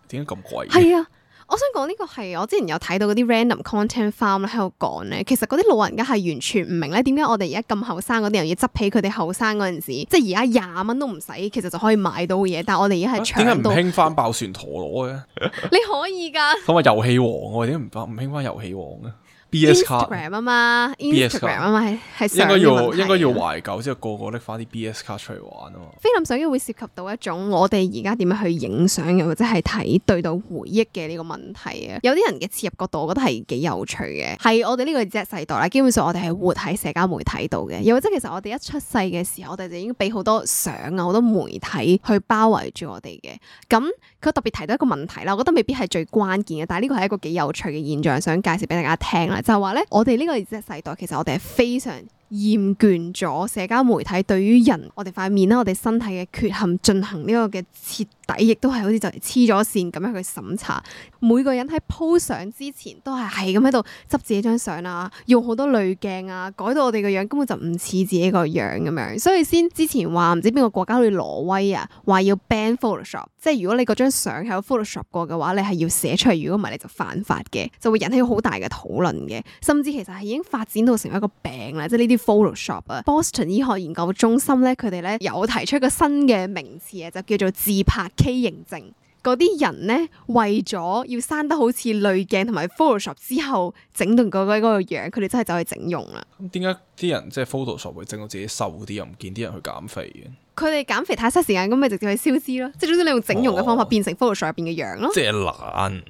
點解咁貴？係啊。我想講呢個係我之前有睇到嗰啲 random content farm 喺度講咧，其實嗰啲老人家係完全唔明咧，點解我哋而家咁後生嗰啲人要執起佢哋後生嗰陣時，即係而家廿蚊都唔使，其實就可以買到嘅嘢，但係我哋而家係搶到、啊。點解唔興翻爆旋陀螺嘅？ 你可以㗎。咁話遊戲王、啊，我點解唔發唔興翻遊戲王嘅、啊？Instagram, Instagram, B.S. 卡啊嘛，Instagram 啊嘛 is, is，係係上面。應該要應該要懷舊，之後個個拎翻啲 B.S. 卡出嚟玩啊嘛。菲林相機應該會涉及到一種我哋而家點樣去影相又或者係睇對到回憶嘅呢個問題啊。有啲人嘅切入角度，我覺得係幾有趣嘅。係我哋呢個即係世代啦，基本上我哋係活喺社交媒體度嘅，又或者其實我哋一出世嘅時候，我哋就已經俾好多相啊、好多媒體去包圍住我哋嘅。咁佢特別提到一個問題啦，我覺得未必係最關鍵嘅，但係呢個係一個幾有趣嘅現象，想介紹俾大家聽啦。就話咧，我哋呢個即係世代，其實我哋係非常厭倦咗社交媒體對於人我哋塊面啦、我哋身體嘅缺陷進行呢個嘅切底亦都係好似就嚟黐咗線咁樣去審查，每個人喺鋪相之前都係係咁喺度執自己張相啊，用好多濾鏡啊，改到我哋個樣根本就唔似自己個樣咁樣，所以先之前話唔知邊個國家去挪威啊，話要 ban Photoshop，即係如果你嗰張相喺 Photoshop 過嘅話，你係要寫出嚟，如果唔係你就犯法嘅，就會引起好大嘅討論嘅，甚至其實係已經發展到成為一個病啦，即係呢啲 Photoshop 啊。Boston 醫學研究中心咧，佢哋咧有提出一個新嘅名詞嘅、啊，就叫做自拍。畸形症嗰啲人呢，為咗要生得好似濾鏡同埋 Photoshop 之後整到嗰個個樣，佢哋真係走去整容啦。咁點解啲人即係 Photoshop 會整到自己瘦啲，又唔見啲人去減肥嘅？佢哋減肥太嘥時間，咁咪直接去消脂咯。即係總之，你用整容嘅方法變成 Photoshop 入邊嘅樣咯、哦。即係懶。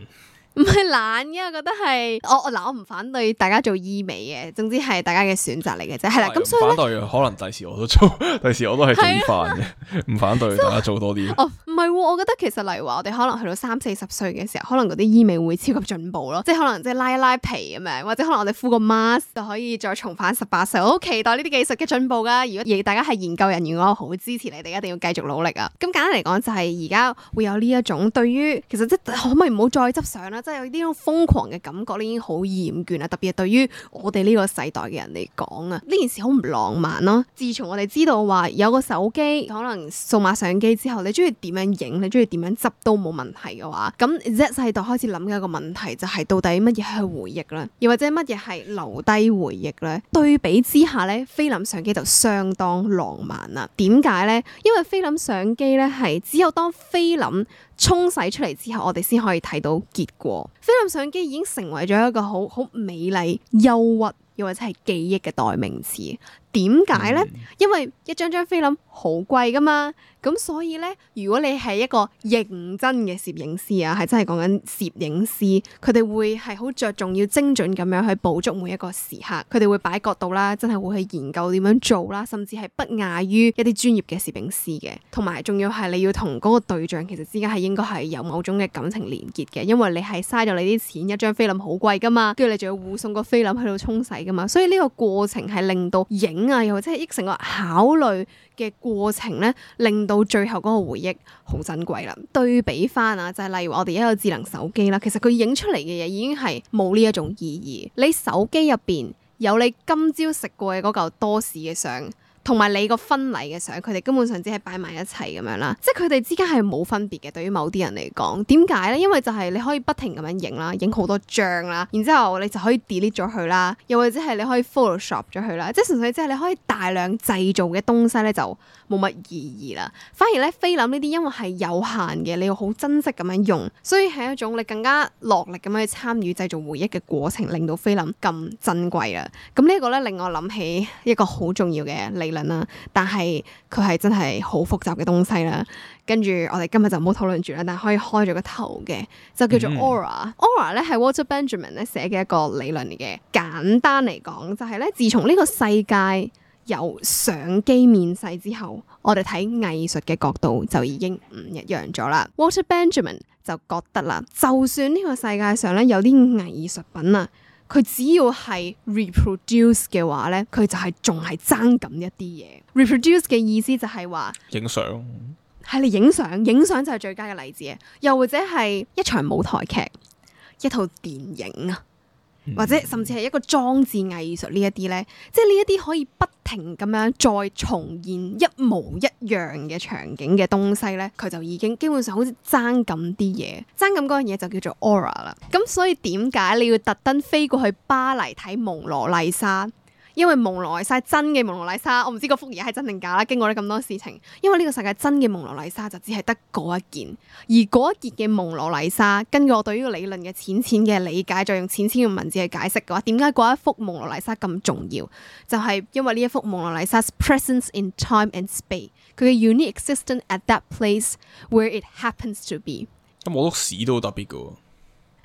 唔係懶嘅，我覺得係我嗱，我唔反對大家做醫美嘅，總之係大家嘅選擇嚟嘅啫。係啦，咁、嗯、所以反對可能第時我都做，第時我都係做翻嘅，唔反對大家做多啲。哦，唔係，我覺得其實例如話，我哋可能去到三四十歲嘅時候，可能嗰啲醫美會超級進步咯，即係可能即係拉一拉皮咁樣，或者可能我哋敷個 mask 就可以再重返十八歲。我好期待呢啲技術嘅進步噶，如果大家係研究人員，我好支持你哋，一定要繼續努力啊。咁簡單嚟講就係而家會有呢一種對於其實即可唔可以唔好再執相啦。即係有啲咁瘋狂嘅感覺，你已經好厭倦啦。特別係對於我哋呢個世代嘅人嚟講啊，呢件事好唔浪漫咯。自從我哋知道話有個手機，可能數碼相機之後，你中意點樣影，你中意點樣執都冇問題嘅話，咁 Z 世代開始諗嘅一個問題就係到底乜嘢係回憶咧，又或者乜嘢係留低回憶咧？對比之下呢，菲林相機就相當浪漫啦。點解呢？因為菲林相機呢，係只有當菲林。沖洗出嚟之後，我哋先可以睇到結果。菲林相機已經成為咗一個好好美麗、憂鬱，又或者係記憶嘅代名詞。點解咧？為呢嗯、因為一張張菲林好貴噶嘛，咁所以咧，如果你係一個認真嘅攝影師啊，係真係講緊攝影師，佢哋會係好着重要精準咁樣去捕捉每一個時刻，佢哋會擺角度啦，真係會去研究點樣做啦，甚至係不亞於一啲專業嘅攝影師嘅。同埋，仲要係你要同嗰個對象其實之間係應該係有某種嘅感情連結嘅，因為你係嘥咗你啲錢，一張菲林好貴噶嘛，跟住你仲要護送個菲林喺度沖洗噶嘛，所以呢個過程係令到影。啊！又或者係一成個考慮嘅過程咧，令到最後嗰個回憶好珍貴啦。對比翻啊，就係例如我哋而家有智能手機啦，其實佢影出嚟嘅嘢已經係冇呢一種意義。你手機入邊有你今朝食過嘅嗰嚿多士嘅相。同埋你個婚禮嘅相，佢哋根本上只係擺埋一齊咁樣啦，即係佢哋之間係冇分別嘅。對於某啲人嚟講，點解咧？因為就係你可以不停咁樣影啦，影好多張啦，然之後你就可以 delete 咗佢啦，又或者係你可以 Photoshop 咗佢啦，即係純粹即係你可以大量製造嘅東西咧就。冇乜意義啦，反而咧菲林呢啲，因為係有限嘅，你要好珍惜咁樣用，所以係一種你更加落力咁樣去參與製造回憶嘅過程，令到菲林咁珍貴啦。咁呢一個咧令我諗起一個好重要嘅理論啦，但係佢係真係好複雜嘅東西啦。跟住我哋今日就唔好討論住啦，但係可以開咗個頭嘅，就叫做 Aura。嗯、Aura 咧係 Walter Benjamin 咧寫嘅一個理論嚟嘅。簡單嚟講，就係、是、咧，自從呢個世界。由相機面世之後，我哋睇藝術嘅角度就已經唔一樣咗啦。Walter Benjamin 就覺得啦，就算呢個世界上咧有啲藝術品啊，佢只要係 reproduce 嘅話咧，佢就係仲係爭緊一啲嘢。reproduce 嘅意思就係話影相，係你影相，影相就係最佳嘅例子啊！又或者係一場舞台劇，一套電影啊。或者甚至係一個裝置藝術呢一啲咧，即係呢一啲可以不停咁樣再重現一模一樣嘅場景嘅東西咧，佢就已經基本上好似爭咁啲嘢，爭咁嗰樣嘢就叫做 Aura 啦。咁所以點解你要特登飛過去巴黎睇蒙羅麗莎？因為蒙羅麗莎真嘅蒙羅麗莎，我唔知個複製係真定假啦。經過咗咁多事情，因為呢個世界嘅真嘅蒙羅麗莎就只係得嗰一件，而嗰一件嘅蒙羅麗莎，根據我對呢個理論嘅淺淺嘅理解，再用淺淺嘅文字去解釋嘅話，點解嗰一幅蒙羅麗莎咁重要？就係、是、因為呢一幅蒙羅麗莎 presence in time and space，佢嘅 unique existence at that place where it happens to be。咁我碌屎都好特別㗎。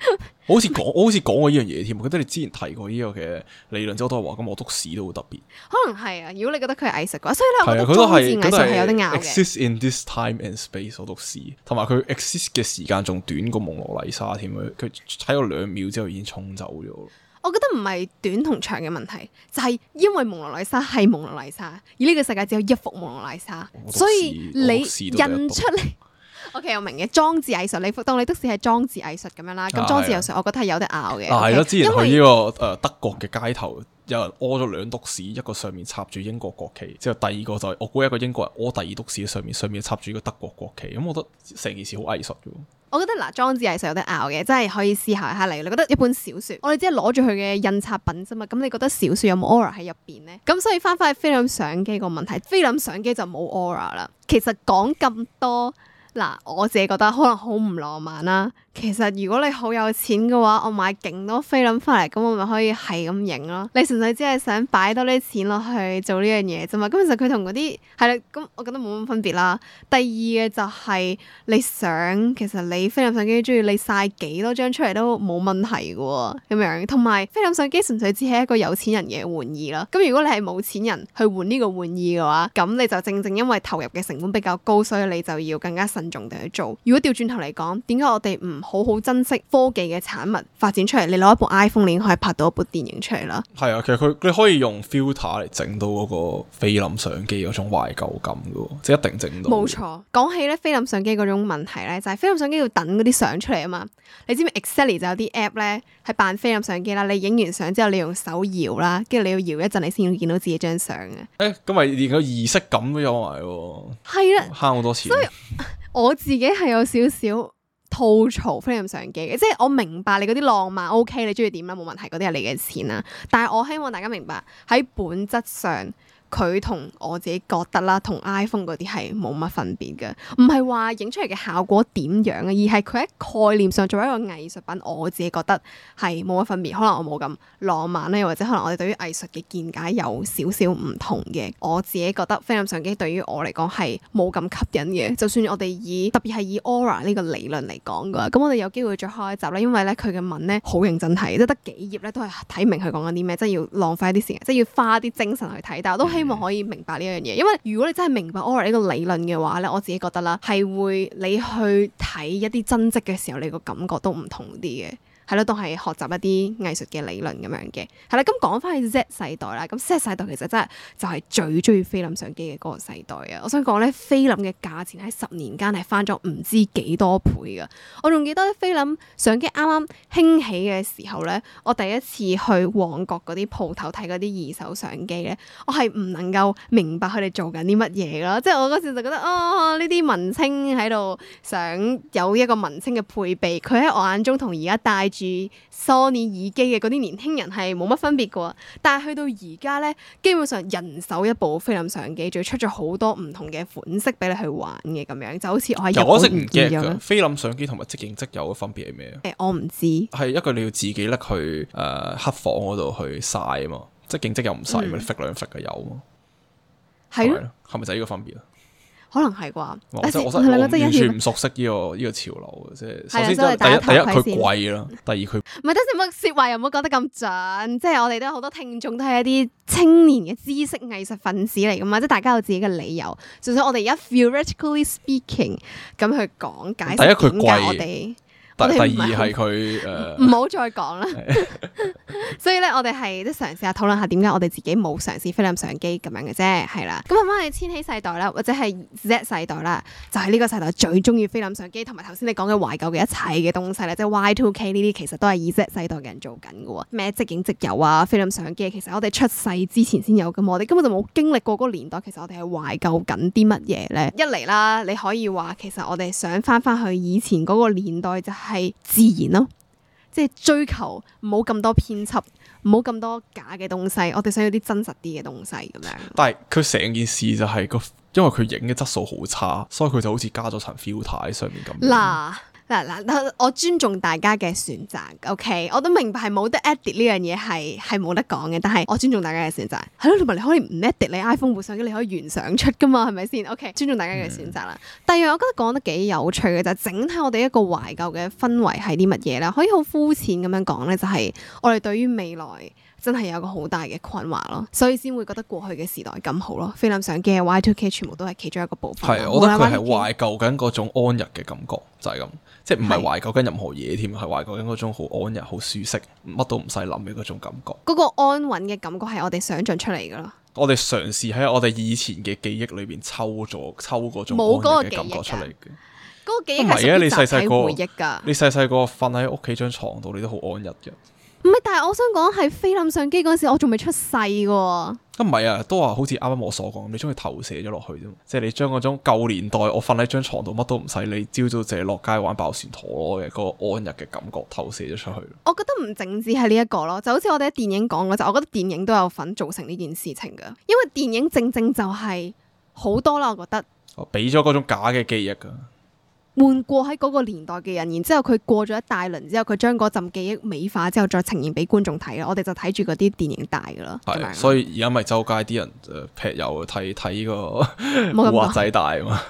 我好似講，我好似講過呢樣嘢添，我覺得你之前提過呢個嘅理論周後都係話咁，我篤屎都好特別。可能係啊，如果你覺得佢係藝術嘅，所以你係佢都係藝術，係有啲硬嘅。Exist in this time and space，我篤屎，同埋佢 exist 嘅時間仲短過蒙羅麗莎添，佢睇咗兩秒之後已經沖走咗。我覺得唔係短同長嘅問題，就係、是、因為蒙羅麗莎係蒙羅麗莎，而呢個世界只有一幅蒙羅麗莎，所以你印出嚟。 O.K. 我明，嘅裝置藝術，你當你的士係裝置藝術咁樣啦，咁裝置藝術我覺得係有得拗嘅。之前去呢個誒德國嘅街頭為有人屙咗兩篤屎，一個上面插住英國國旗，之後第二個就係、我估一個英國人屙第二篤屎上面上面插住一個德國國旗，咁我覺得成件事好藝術嘅。我覺得嗱裝置藝術有得拗嘅，即係可以思考下，嚟。你覺得一本小說，我哋只係攞住佢嘅印刷品啫嘛，咁你覺得小說有冇 aura 喺入邊呢？咁所以翻返去菲林相機個問題，菲林相機就冇 aura 啦。其實講咁多。嗱，我自己覺得可能好唔浪漫啦，啊。其實如果你好有錢嘅話，我買勁多菲林翻嚟，咁我咪可以係咁影咯。你純粹只係想擺多啲錢落去做呢樣嘢啫嘛。咁其實佢同嗰啲係啦，咁、嗯、我覺得冇乜分別啦。第二嘅就係、是、你想，其實你菲林相機中意你晒幾多張出嚟都冇問題㗎喎，咁樣。同埋菲林相機純粹只係一個有錢人嘅玩意咯。咁如果你係冇錢人去換呢個玩意嘅話，咁你就正正因為投入嘅成本比較高，所以你就要更加慎重地去做。如果調轉頭嚟講，點解我哋唔？好好珍惜科技嘅產物發展出嚟，你攞一部 iPhone，你可以拍到一部電影出嚟啦。係啊，其實佢你可以用 filter 嚟整到嗰個菲林相機嗰種懷舊感噶，即係一定整到。冇錯，講起咧，菲林相機嗰種問題咧，就係、是、菲林相機要等嗰啲相出嚟啊嘛。你知唔知 Excel 就有啲 app 咧係扮菲林相機啦？你影完相之後，你用手搖啦，跟住你要搖一陣，你先會見到自己張相嘅。誒、欸，咁咪連個儀式感都有埋喎。係啊的，慳好多錢。所以我自己係有少少。吐槽菲林相機嘅，即係我明白你嗰啲浪漫 OK，你中意點啦冇問題，嗰啲係你嘅錢啦。但係我希望大家明白喺本質上。佢同我自己覺得啦，同 iPhone 嗰啲係冇乜分別嘅，唔係話影出嚟嘅效果點樣啊，而係佢喺概念上作為一個藝術品，我自己覺得係冇乜分別。可能我冇咁浪漫咧，又或者可能我哋對於藝術嘅見解有少少唔同嘅。我自己覺得菲林相機對於我嚟講係冇咁吸引嘅。就算我哋以特別係以 Aura 呢個理論嚟講嘅，咁我哋有機會再開一集啦，因為咧佢嘅文咧好認真睇，即得幾頁咧都係睇唔明佢講緊啲咩，即係要浪費啲時間，即係要花啲精神去睇。但係都希望可以明白呢樣嘢，因為如果你真係明白 Ori 呢個理論嘅話咧，我自己覺得啦，係會你去睇一啲真跡嘅時候，你個感覺都唔同啲嘅。係咯，都係學習一啲藝術嘅理論咁樣嘅。係啦，咁講翻去 Z 世代啦，咁 Z 世代其實真係就係最中意菲林相機嘅嗰個世代啊！我想講咧，菲林嘅價錢喺十年間係翻咗唔知幾多倍噶。我仲記得菲林相機啱啱興起嘅時候咧，我第一次去旺角嗰啲鋪頭睇嗰啲二手相機咧，我係唔能夠明白佢哋做緊啲乜嘢咯。即係我嗰時就覺得哦，呢啲文青喺度想有一個文青嘅配備，佢喺我眼中同而家戴住住 Sony 耳機嘅嗰啲年輕人係冇乜分別噶，但係去到而家咧，基本上人手一部菲林相機，仲要出咗好多唔同嘅款式俾你去玩嘅咁樣，就好似我係。有我識唔 get 菲林相機同埋即影即有嘅分別係咩？我唔知。係一個你要自己搦去誒、呃、黑房嗰度去晒啊嘛，即係影即、即、即曬、嗯、你有唔晒咪甩兩甩嘅有啊？係咯，係咪就係呢個分別啊？可能係啩，即係我真係完全唔熟悉呢個呢個潮流嘅，即係首先第一第一佢貴啦，第二佢唔係，多謝唔好説話，又唔好講得咁準，即係我哋都好多聽眾都係一啲青年嘅知識藝術分子嚟噶嘛，即係大家有自己嘅理由，就算我哋而家 theoretically speaking 咁去講解，第一佢貴。我.第二係佢誒，唔好 再講啦。所以咧，我哋係都嘗試下討論下點解我哋自己冇嘗試菲林相機咁樣嘅啫，係啦。咁阿媽嘅千禧世代啦，或者係 Z 世代啦，就係、是、呢個世代最中意菲林相機同埋頭先你講嘅懷舊嘅一切嘅東西啦，即係 Y2K 呢啲，其實都係以 Z 世代嘅人做緊嘅喎。咩即影即有啊，菲林相機，其實我哋出世之前先有㗎嘛。我哋根本就冇經歷過嗰個年代。其實我哋係懷舊緊啲乜嘢咧？一嚟啦，你可以話其實我哋想翻翻去以前嗰個年代就係、是。係自然咯，即係追求唔好咁多編輯，唔好咁多假嘅東西，我哋想要啲真實啲嘅東西咁樣。但係佢成件事就係、是、個，因為佢影嘅質素好差，所以佢就好似加咗層 filter 喺上面咁，嗱。嗱嗱，我尊重大家嘅選擇，OK，我都明白係冇得 edit 呢樣嘢係係冇得講嘅，但係我尊重大家嘅選擇。係咯、啊，你咪你可以唔 edit 你 iPhone 部相機，咁你可以原相出㗎嘛，係咪先？OK，尊重大家嘅選擇啦。嗯、第二，我覺得講得幾有趣嘅就係、是、整體我哋一個懷舊嘅氛圍係啲乜嘢咧？可以好膚淺咁樣講咧，就係、是、我哋對於未來真係有個好大嘅困惑咯，所以先會覺得過去嘅時代咁好咯。菲林相機嘅 Y Two K 全部都係其中一個部分，係是了我覺得佢係懷舊緊嗰種安逸嘅感覺，就係、是、咁。即係唔係懷舊緊任何嘢添，係懷舊緊嗰種好安逸、好舒適，乜都唔使諗嘅嗰種感覺。嗰個安穩嘅感覺係我哋想象出嚟噶咯。我哋嘗試喺我哋以前嘅記憶裏邊抽咗抽嗰種安穩嘅感覺出嚟嘅。嗰個記憶唔係、那個，啊！你細細個，你細細個瞓喺屋企張床度，你都好安逸嘅。唔係，但係我想講係菲林相機嗰時，我仲未出世噶。唔係啊，啊，都話好似啱啱我所講，你將佢投射咗落去啫，即係你將嗰種舊年代我瞓喺張床度乜都唔使，你朝早淨係落街玩爆旋陀螺嘅嗰個安逸嘅感覺投射咗出去。我覺得唔淨止係呢一個咯，就好似我哋喺電影講嗰就，我覺得電影都有份造成呢件事情㗎，因為電影正正就係好多啦，我覺得。俾咗嗰種假嘅記憶㗎。換過喺嗰個年代嘅人，然之後佢過咗一大輪之後，佢將嗰陣記憶美化之後再呈現俾觀眾睇嘅，我哋就睇住嗰啲電影大噶啦。係的，所以而家咪周街啲人劈、呃、友睇睇呢個臥底大啊嘛。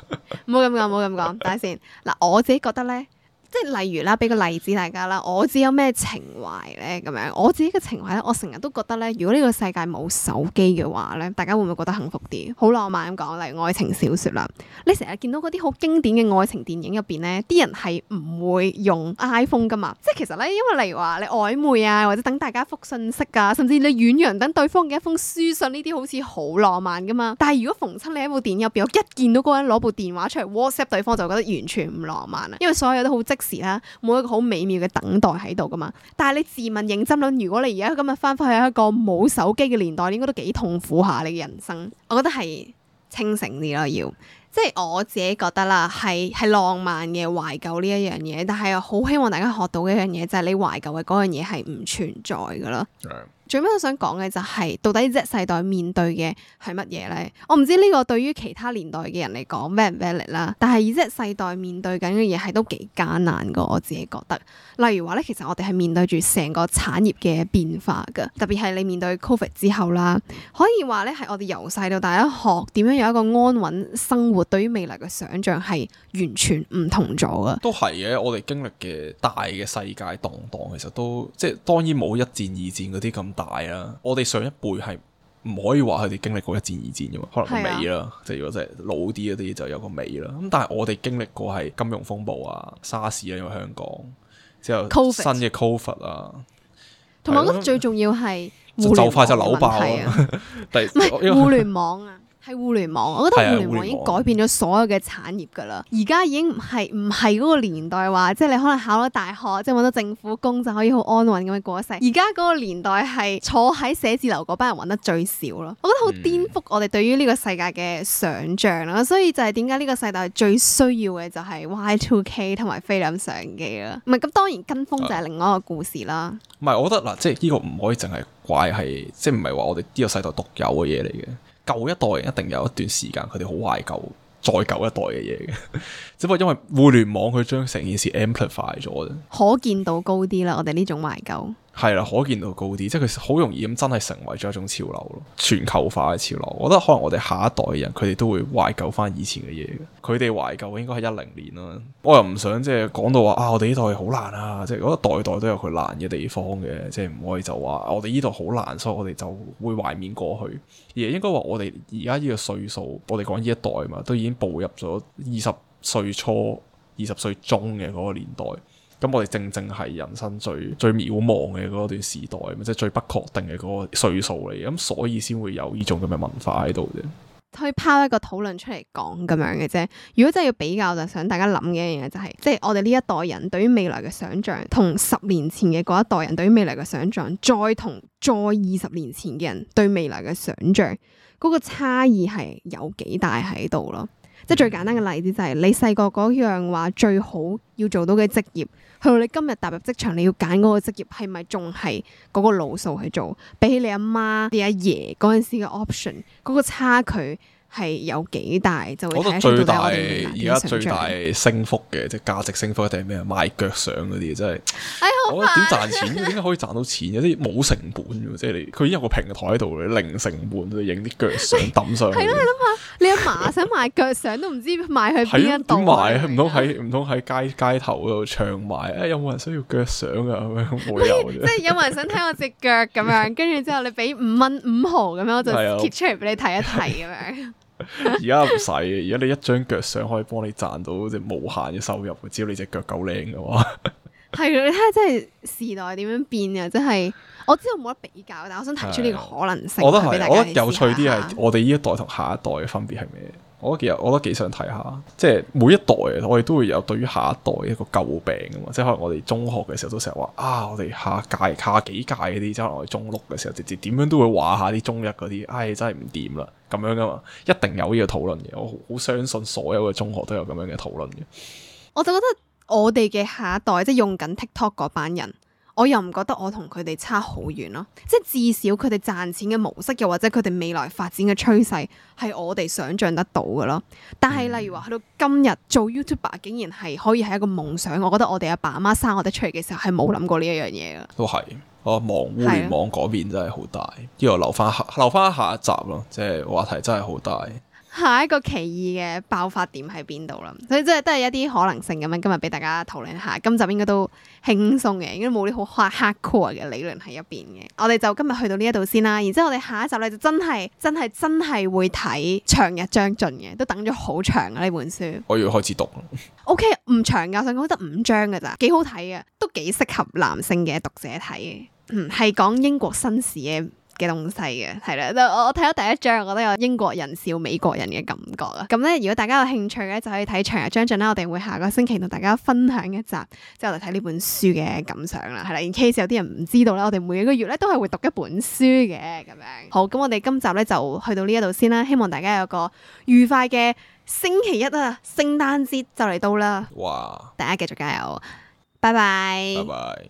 唔好咁講，唔好咁講， 等下先。嗱， 我自己覺得咧。即係例如啦，俾個例子大家啦，我自己有咩情懷呢？咁樣？我自己嘅情懷咧，我成日都覺得咧，如果呢個世界冇手機嘅話咧，大家會唔會覺得幸福啲？好浪漫咁講，例如愛情小説啦，你成日見到嗰啲好經典嘅愛情電影入邊咧，啲人係唔會用 iPhone 噶嘛？即係其實咧，因為例如話你曖昧啊，或者等大家覆信息噶啊，甚至你遠洋等對方嘅一封書信呢啲，好似好浪漫噶嘛。但係如果逢親你喺部電影入邊，我一見到嗰個人攞部電話出嚟 WhatsApp 對方，就覺得完全唔浪漫啦。因為所有都好時啦，冇一個好美妙嘅等待喺度噶嘛。但係你自問認真諗，如果你而家今日翻翻去一個冇手機嘅年代，應該都幾痛苦下你嘅人生。我覺得係清醒啲咯，要即係我自己覺得啦，係係浪漫嘅懷舊呢一樣嘢。但係我好希望大家學到嘅一樣嘢，就係、是、你懷舊嘅嗰樣嘢係唔存在噶咯。嗯。最尾我想講嘅就係，到底 Z 世代面對嘅係乜嘢呢？我唔知呢個對於其他年代嘅人嚟講咩 value 啦，不不 valid，但係 Z 世代面對緊嘅嘢係都幾艱難噶，我自己覺得。例如話咧，其實我哋係面對住成個產業嘅變化噶，特別係你面對 COVID 之後啦，可以話咧係我哋由細到大一學點樣有一個安穩生活，對於未來嘅想像係完全唔同咗啊！都係嘅，我哋經歷嘅大嘅世界動盪，其實都即係當然冇一戰二戰嗰啲咁。大啦！我哋上一輩係唔可以話佢哋經歷過一戰二戰噶嘛，可能個尾啦，即係是、啊、如果真係老啲嗰啲就有個尾啦。咁但係我哋經歷過係金融風暴啊、沙士啊，因為香港之後新嘅 CO Covid 啊，同埋我覺得最重要係就快就扭爆，唔 係互聯網啊。係互聯網，我覺得互聯網已經改變咗所有嘅產業噶啦。而家已經唔係唔係嗰個年代話，即係你可能考到大學，即係搵到政府工就可以好安穩咁樣過世。而家嗰個年代係坐喺寫字樓嗰班人搵得最少咯。我覺得好顛覆我哋對於呢個世界嘅想象啦。嗯、所以就係點解呢個世代最需要嘅就係 Y two K 同埋菲林相機啦。唔係咁，當然跟風就係另外一個故事啦。唔係、嗯，我覺得嗱，即係呢個唔可以淨係怪係，即係唔係話我哋呢個世代獨有嘅嘢嚟嘅。舊一代一定有一段時間佢哋好懷舊，再舊一代嘅嘢嘅， 只不過因為互聯網佢將成件事 amplify 咗啫，可見度高啲啦。我哋呢種懷舊。係啦，可見度高啲，即係佢好容易咁真係成為咗一種潮流咯，全球化嘅潮流。我覺得可能我哋下一代人，佢哋都會懷舊翻以前嘅嘢嘅。佢哋懷舊應該係一零年啦。我又唔想即係講到話啊，我哋呢代好難啊！即係我覺得代代都有佢難嘅地方嘅，即係唔可以就話我哋呢度好難，所以我哋就會懷緬過去。而應該話我哋而家呢個歲數，我哋講呢一代嘛，都已經步入咗二十歲初、二十歲中嘅嗰個年代。咁我哋正正係人生最最渺茫嘅嗰段時代，即係最不確定嘅嗰個歲數嚟，咁所以先會有呢種咁嘅文化喺度啫。可以拋一個討論出嚟講咁樣嘅啫。如果真係要比較，就想大家諗嘅一樣嘢就係，即係我哋呢一代人對於未來嘅想像，同十年前嘅嗰一代人對於未來嘅想像，再同再二十年前嘅人對未來嘅想像，嗰個差異係有幾大喺度咯？即係最簡單嘅例子就係、是、你細個嗰樣話最好要做到嘅職業，去到你今日踏入職場你要揀嗰個職業，係咪仲係嗰個路數去做？比起你阿媽、媽、你阿爺嗰陣時嘅 option，嗰個差距。係有幾大就會睇最大而家最大升幅嘅，即係價值升幅定係咩賣腳相嗰啲，真係。唉我覺得點賺錢點解 可以賺到錢，即有啲冇成本即係佢已經有個平台喺度，零成本影啲腳相抌上去。去。 係咯，你諗下，你阿嫲想賣腳相都唔知賣去邊一度。點賣？唔通喺唔通喺街街頭度唱賣、哎、有冇人需要腳相啊？冇 有,有。 即係有冇人想睇我隻腳咁樣？跟住 之後你俾五蚊五毫咁樣， 我就貼出嚟俾你睇一睇咁樣。 而家唔使嘅，而家 你一張腳相可以幫你賺到即係無限嘅收入，只要你隻腳夠靚嘅話，係 你睇下真係時代點樣變啊！真係，我知道冇得比較，但係我想提出呢個可能性，我覺得係，我覺得有趣啲係我哋呢一代同下一代嘅分別係咩？我覺得幾有，我覺得幾想睇下，即係每一代我哋都會有對於下一代一個舊病啊嘛，即係可能我哋中學嘅時候都成日話啊，我哋下屆、下幾屆嗰啲，即係我哋中六嘅時候，直接點樣都會話下啲中一嗰啲，唉、哎，真係唔掂啦，咁樣噶嘛，一定有呢個討論嘅，我好相信所有嘅中學都有咁樣嘅討論嘅。我就覺得我哋嘅下一代即係用緊 TikTok 嗰班人。我又唔覺得我同佢哋差好遠咯，即係至少佢哋賺錢嘅模式，又或者佢哋未來發展嘅趨勢，係我哋想象得到嘅咯。但係例如話去到今日做 YouTuber 竟然係可以係一個夢想，我覺得我哋阿爸阿媽生我哋出嚟嘅時候係冇諗過呢一樣嘢嘅。都係，我望互聯網改變真係好大，依度的留翻下，留翻下一集咯，即係話題真係好大。下一個奇異嘅爆發點喺邊度啦？所以即係都係一啲可能性咁樣，今日俾大家討論下。今集應該都輕鬆嘅，應該冇啲好黑黑 core 嘅理論喺入邊嘅。我哋就今日去到呢一度先啦。然之後我哋下一集咧，就真係真係真係會睇長日將盡嘅，都等咗好長呀呢本書。我要開始讀。OK，唔長㗎，我想講得五章㗎咋，幾好睇嘅，都幾適合男性嘅讀者睇嘅。嗯，係講英國紳士嘅。嘅東西嘅係啦，我睇到第一章，我覺得有英國人笑美國人嘅感覺啊！咁咧，如果大家有興趣咧，就可以睇長日將盡啦。我哋會下個星期同大家分享一集，之後就睇呢本書嘅感想啦。係啦，in case 有啲人唔知道咧，我哋每個月咧都係會讀一本書嘅咁樣。好，咁我哋今集咧就去到呢一度先啦。希望大家有個愉快嘅星期一啊！聖誕節就嚟到啦！哇！大家繼續加油，拜拜！拜拜！